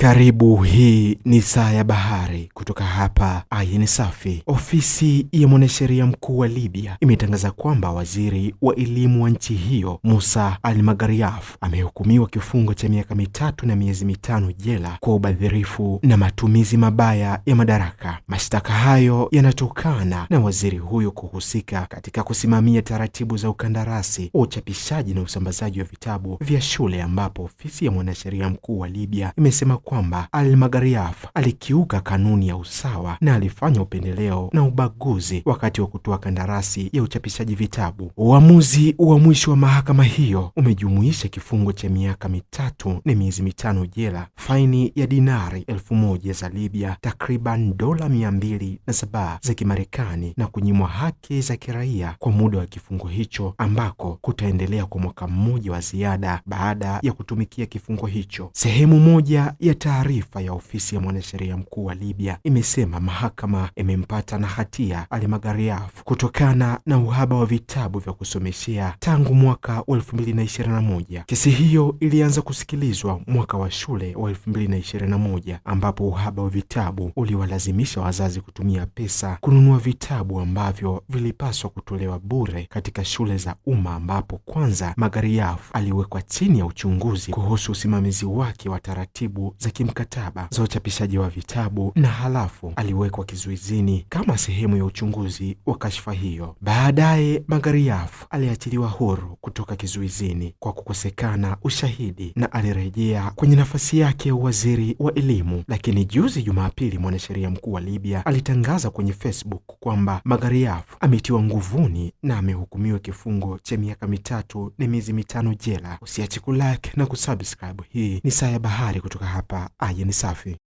Karibu, hii ni Saa ya Bahari kutoka hapa Ayin Safi. Ofisi ya mwanasheria mkuu wa Libya imetangaza kwamba waziri wa elimu wa nchi hiyo Musa Al-Magariaf amehukumiwa kifungo cha miaka mitatu na miezi mitano jela kwa ubadhirifu na matumizi mabaya ya madaraka. Mashtaka hayo yanatokana na waziri huyo kuhusika katika kusimamia taratibu za ukandarasi wa uchapishaji na usambazaji wa vitabu vya shule, ambapo ofisi ya mwanasheria mkuu wa Libya imesema kwamba Almagariaf alikiuka kanuni ya usawa na alifanya upendeleo na ubaguzi wakati wa kutoa kandarasi ya uchapishaji vitabu. Uamuzi wa mwisho wa mahakama hiyo umejumuisha kifungo cha miaka mitatu na miezi mitano jela, faini ya dinari elfu moja za Libya, takriban dola mia mbili na saba za Kimarekani, na kunyimwa haki za kiraia kwa muda wa kifungo hicho ambako kutaendelea kwa mwaka mmoja wa ziada baada ya kutumikia kifungo hicho. Sehemu moja ya Taarifa ya ofisi ya mwanasheria mkuu wa Libya imesema mahakama imempata na hatia Ali Maghariaf kutokana na uhaba wa vitabu vya kusomeshea tangu mwaka wa moja. Kesi hiyo ilianza kusikilizwa mwaka wa shule wa moja ambapo uhaba wa vitabu uliwalazimisha wazazi kutumia pesa kununua vitabu ambavyo vilipaswa kutolewa bure katika shule za umma, ambapo kwanza Magariaf aliwekwa chini ya uchunguzi kuhusu usimamizi wake wa taratibu za za kimkataba za uchapishaji wa vitabu na halafu aliwekwa kizuizini kama sehemu ya uchunguzi wa kashfa hiyo. Baadaye Magariaf aliachiliwa huru kutoka kizuizini kwa kukosekana ushahidi na alirejea kwenye nafasi yake ya uwaziri wa elimu. Lakini juzi Jumapili, mwanasheria mkuu wa Libya alitangaza kwenye Facebook kwamba Magariaf ametiwa nguvuni na amehukumiwa kifungo cha miaka mitatu na miezi mitano jela. Usiache kulike na kusubscribe. Hii ni Saa ya Bahari kutoka hapa hapa. Ah, ah ni safi.